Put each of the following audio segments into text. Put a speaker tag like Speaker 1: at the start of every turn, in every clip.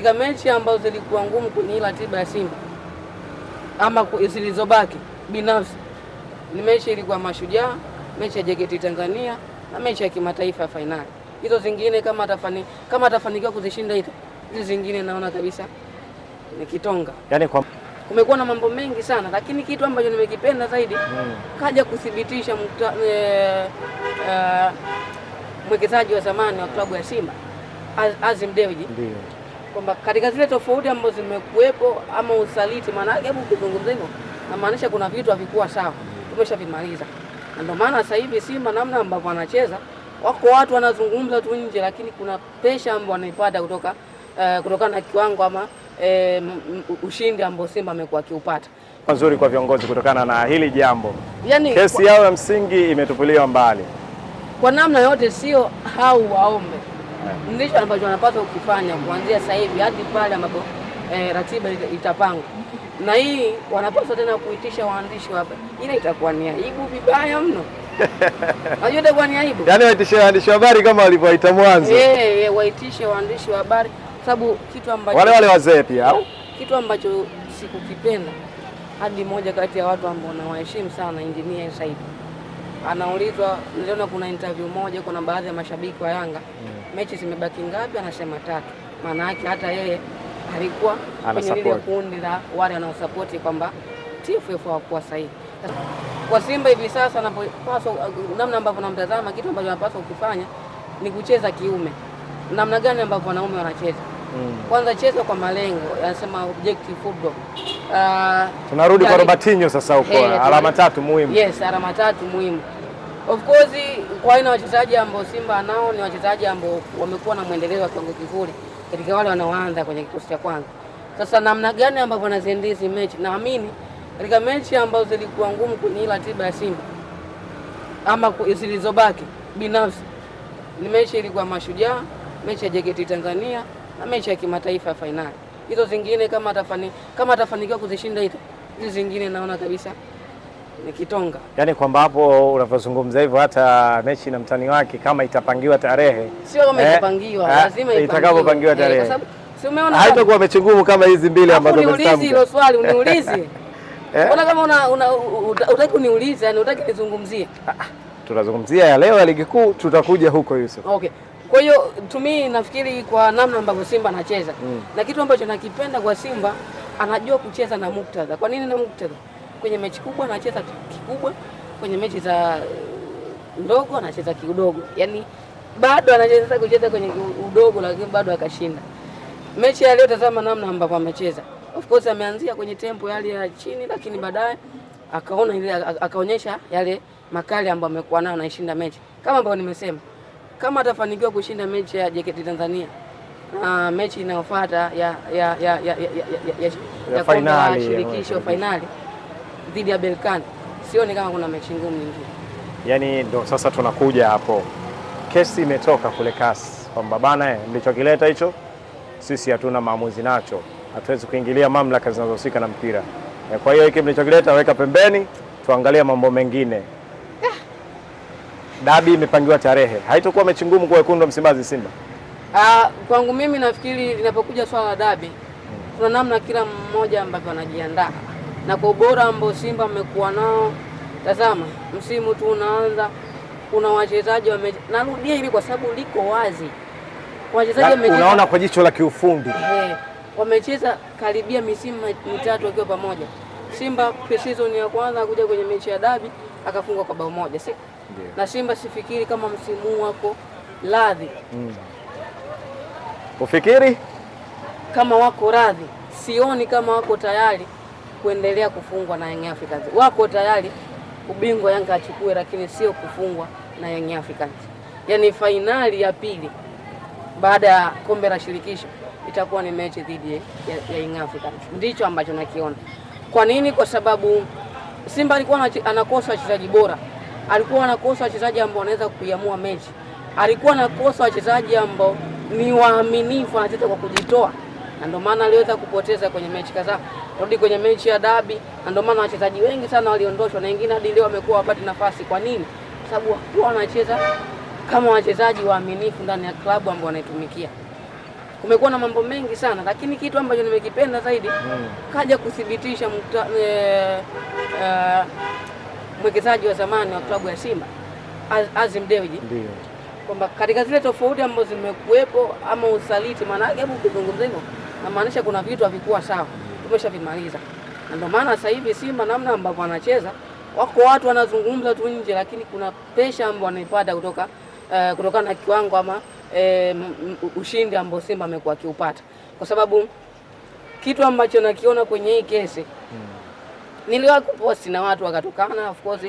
Speaker 1: katika mechi ambazo zilikuwa ngumu kwenye ratiba ya Simba ama zilizobaki, binafsi ni mechi ilikuwa Mashujaa, mechi ya JKT Tanzania na mechi ya kimataifa ya fainali. Hizo zingine kama atafani, kama atafanikiwa kuzishinda hizo hizo zingine, naona kabisa ni kitonga. Yani kwa... kumekuwa na mambo mengi sana, lakini kitu ambacho nimekipenda zaidi hmm, kaja kuthibitisha mta, e, eh, e, eh, mwekezaji wa zamani wa klabu ya Simba Az, Azim Dewji kwamba katika zile tofauti ambazo zimekuwepo ama usaliti, yake hebu ukizungumza hivyo namaanisha kuna vitu havikuwa sawa, tumeshavimaliza. Na ndio maana sasa hivi Simba namna ambavyo wanacheza, wako watu wanazungumza tu nje, lakini kuna pesha ambayo wanaipata kutoka uh, kutokana na kiwango ama uh, ushindi ambao Simba amekuwa akiupata
Speaker 2: nzuri kwa viongozi kutokana na hili jambo yani, kesi kwa... yao ya msingi imetupuliwa mbali
Speaker 1: kwa namna yote, sio waombe ndicho ambacho wanapaswa kukifanya kuanzia sasa hivi hadi pale ambapo eh, ratiba itapangwa. Na hii wanapaswa tena kuitisha waandishi hapa, ila itakuwa ni aibu vibaya mno. Unajua itakuwa ni aibu,
Speaker 2: yaani waitishe waandishi wa habari kama walivyoita mwanzo.
Speaker 1: Eh, eh, waitishe waandishi wa habari sababu kitu ambacho
Speaker 2: wale wale wazee pia au
Speaker 1: kitu ambacho sikukipenda hadi moja kati ya watu ambao nawaheshimu sana, injinia Saidi anaulizwa, niliona kuna interview moja, kuna baadhi ya mashabiki wa Yanga mm. mechi zimebaki ngapi? Anasema tatu. Maana yake hata yeye alikuwa kwenye lile kundi la wale wanaosapoti kwamba TFF hawakuwa sahihi. Kwa Simba hivi sasa anapaswa, namna ambavyo namtazama, kitu ambacho anapaswa kukifanya ni kucheza kiume, namna gani ambavyo wanaume wanacheza mm. Kwanza cheza kwa malengo, yanasema objective football.
Speaker 2: Uh, tunarudi kwa Robertinho sasa huko, hey, alama tatu muhimu.
Speaker 1: Yes, alama tatu muhimu. Of course kwa aina wachezaji ambao Simba nao ni wachezaji ambao wamekuwa na mwendelezo wa kiwango kizuri katika wale wanaoanza kwenye kikosi cha kwanza. Sasa namna gani ambavyo wanaziendeza mechi, naamini katika mechi ambazo zilikuwa ngumu kwenye ratiba ya Simba ama zilizobaki, binafsi ni mechi ilikuwa Mashujaa, mechi ya JKT Tanzania na mechi ya kimataifa ya fainali. Hizo zingine kama atafani, kama atafanikiwa kuzishinda hizo, hizo zingine naona kabisa ni kitonga.
Speaker 2: Yaani kwamba hapo unavyozungumza hivyo, hata mechi na mtani wake kama itapangiwa tarehe,
Speaker 1: sio kama eh, itapangiwa eh, lazima ipangiwe.
Speaker 2: itakapopangiwa eh, tarehe, kwa sababu si umeona ah, haitakuwa mechi ngumu kama hizi mbili ambazo umesema.
Speaker 1: Uniulize hilo swali, uniulize Eh? Mbona kama una, una, utaki uniulize, yani utaki nizungumzie? Ah, ah,
Speaker 2: Tunazungumzia ya leo ya ligi kuu, tutakuja huko Yusuf.
Speaker 1: Okay. Kwa hiyo tumi nafikiri kwa namna ambavyo Simba anacheza mm. na kitu ambacho nakipenda kwa Simba anajua kucheza na muktadha. Kwa nini na muktadha? Kwenye mechi kubwa anacheza kikubwa, kwenye mechi za ndogo anacheza kidogo. Yaani bado anacheza kucheza kwenye udogo, lakini bado akashinda. Mechi ya leo tazama namna ambavyo amecheza, of course ameanzia kwenye tempo yale ya chini, lakini baadaye akaona ile akaonyesha yale makali ambayo amekuwa nayo, anaishinda mechi kama ambavyo nimesema kama atafanikiwa kushinda mechi ya JKT Tanzania na mechi inayofuata ya ya ya ya
Speaker 2: ya kombe ya
Speaker 1: shirikisho fainali dhidi ya belkan sioni kama kuna mechi ngumu nyingine.
Speaker 2: yani ndo sasa tunakuja hapo, kesi imetoka kule CAS kwamba bana, mlichokileta eh, hicho sisi hatuna maamuzi nacho, hatuwezi kuingilia mamlaka zinazohusika na mpira. Eh, kwa hiyo hiki mlichokileta weka pembeni, tuangalie mambo mengine dabi imepangiwa tarehe, haitakuwa mechi ngumu kwa wekundu wa Msimbazi Simba?
Speaker 1: Ah, kwangu mimi nafikiri linapokuja swala la dabi kuna namna kila mmoja ambavyo anajiandaa na kwa ubora ambao Simba amekuwa nao. Tazama, msimu tu unaanza, kuna wachezaji wame, narudia hili kwa sababu liko wazi,
Speaker 2: wachezaji wamecheza, unaona kwa jicho la kiufundi
Speaker 1: eh, wamecheza karibia misimu mitatu wakiwa pamoja. Simba pre-season ya kwanza kuja kwenye mechi ya dabi akafungwa kwa bao moja, si na Simba sifikiri kama msimu wako radhi mm. Ufikiri kama wako radhi, sioni kama wako tayari kuendelea kufungwa na Young Africans. Wako tayari ubingwa Yanga achukue, lakini sio kufungwa na Young Africans. Yaani fainali ya pili baada ya kombe la shirikisho itakuwa ni mechi dhidi ya Young Africans, ndicho ambacho nakiona. Kwa nini? Kwa sababu Simba alikuwa anakosa wachezaji bora, alikuwa anakosa wachezaji ambao wanaweza kuiamua mechi, alikuwa anakosa wachezaji ambao ni waaminifu, anacheza kwa kujitoa, na ndio maana aliweza kupoteza kwenye mechi kadhaa. Rudi kwenye mechi ya dabi, na ndio maana wachezaji wengi sana waliondoshwa, na wengine hadi leo wamekuwa wapati nafasi. Kwa nini? Kwa sababu hakuwa wanacheza kama wachezaji waaminifu ndani ya klabu ambao wanaitumikia kumekuwa na mambo mengi sana, lakini kitu ambacho nimekipenda zaidi mm. kaja kuthibitisha e, e, mwekezaji wa zamani wa klabu ya Simba Azim Dewji kwamba katika zile tofauti ambazo zimekuwepo ama usaliti, yake hebu kizungumza hivyo, namaanisha kuna vitu havikuwa sawa, tumeshavimaliza na ndio maana sasa hivi Simba namna ambavyo wanacheza, wako watu wanazungumza tu nje, lakini kuna pesha ambayo wanaipata kutoka uh, kutokana na kiwango ama e, ushindi ambao Simba amekuwa akiupata, kwa sababu kitu ambacho nakiona kwenye hii kesi hmm. niliwahi kuposti na watu wakatukana, of course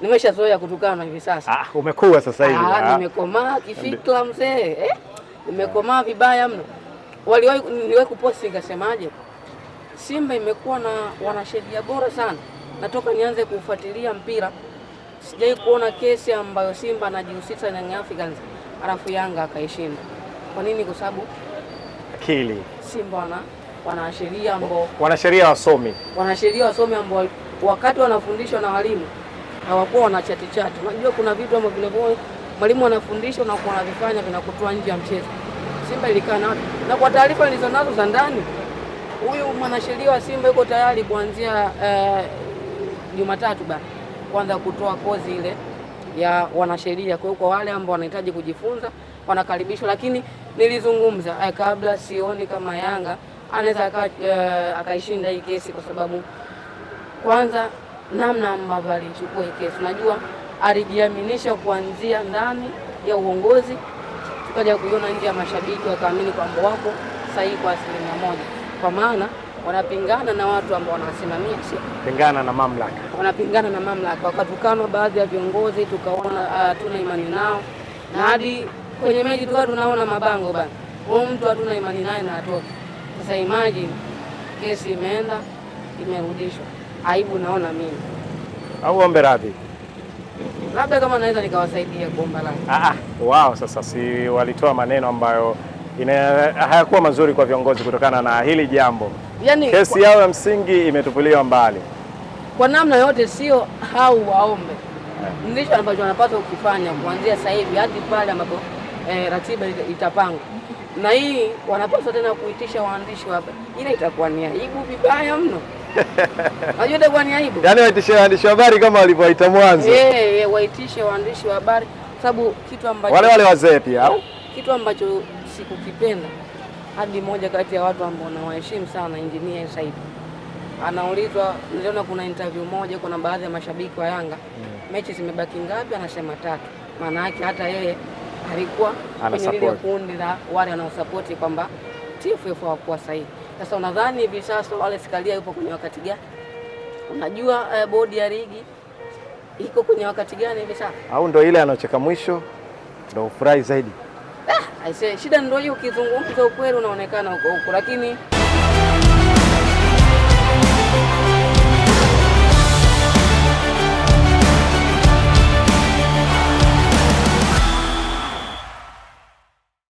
Speaker 1: nimeshazoea kutukana hivi sasa.
Speaker 2: Ah, umekuwa sasa hivi. Ah,
Speaker 1: ah, nimekomaa kifikra mzee eh? nimekomaa vibaya mno. Waliwahi, niliwahi kupost nikasemaje, Simba imekuwa na wanasheria bora sana, natoka nianze kufuatilia mpira sijai kuona kesi ambayo Simba anajihusisha na Young Africans alafu Yanga akaishinda. Kwa nini? Kwa sababu akili. Simba wana wanasheria ambao
Speaker 2: wanasheria wasomi,
Speaker 1: wanasheria wasomi ambao wakati wanafundishwa na walimu hawakuwa wana chati chati. Unajua kuna vitu ambavyo vinakuwa mwalimu anafundisha na kuwa anavifanya vinakutoa nje ya mchezo. Simba ilikaa na na, kwa taarifa nazo za ndani, huyu mwanasheria wa Simba yuko tayari kuanzia eh, Jumatatu uh, bana kwanza kutoa kozi ile ya wanasheria. Kwa hiyo kwa wale ambao wanahitaji kujifunza wanakaribishwa, lakini nilizungumza eh, kabla, sioni kama Yanga anaweza eh, akaishinda hii kesi, kwa sababu kwanza namna ambavyo alichukua hii kesi, najua alijiaminisha kuanzia ndani ya uongozi, tukaja kuiona nje ya mashabiki wakaamini kwamba wako sahihi kwa asilimia moja, kwa maana wanapingana na watu ambao wanawasimamia,
Speaker 2: pingana na mamlaka,
Speaker 1: wanapingana na mamlaka, wakatukanwa baadhi ya viongozi, tukaona ah, hatuna uh, imani nao, na hadi kwenye meji tukawa tunaona mabango bana, huyu mtu hatuna imani naye na atoke. Sasa imagine kesi imeenda imerudishwa, aibu naona mimi.
Speaker 2: Au ombe radhi
Speaker 1: labda kama naweza nikawasaidia kuomba radhi.
Speaker 2: Ah, ah wao sasa si walitoa maneno ambayo hayakuwa mazuri kwa viongozi kutokana na hili jambo yani, kesi kwa... yao ya msingi imetupuliwa mbali
Speaker 1: kwa namna yote, sio hao waombe yeah. Ndicho ambacho wanapaswa kukifanya kuanzia sasa hivi hadi pale ambapo eh, ratiba itapangwa na hii wanapaswa tena kuitisha waandishi wa Ile itakuwa ni aibu vibaya mno, unajua itakuwa ni aibu.
Speaker 2: Yaani waitishe waandishi wa habari kama walivyoita mwanzo,
Speaker 1: eh, eh waitishe waandishi wa habari, sababu kitu ambacho
Speaker 2: wale wale wazee pia, au
Speaker 1: kitu ambacho sikukipenda hadi moja kati ya watu ambao nawaheshimu sana, Engineer Said anaulizwa, niliona kuna interview moja, kuna baadhi ya mashabiki wa Yanga mm. mechi zimebaki ngapi? Anasema tatu. Maana yake hata yeye alikuwa kwenye lile kundi la wale wanaosapoti kwamba TFF hawakuwa sahihi. Sasa unadhani hivi sasa Wallace Karia yupo kwenye wakati gani? Unajua eh, bodi ya ligi iko kwenye wakati gani hivi sasa?
Speaker 2: Au ndo ile anaocheka mwisho ndo ufurahi zaidi.
Speaker 1: Aisee, shida ndio hiyo, ukizungumza ukweli unaonekana huko huko, lakini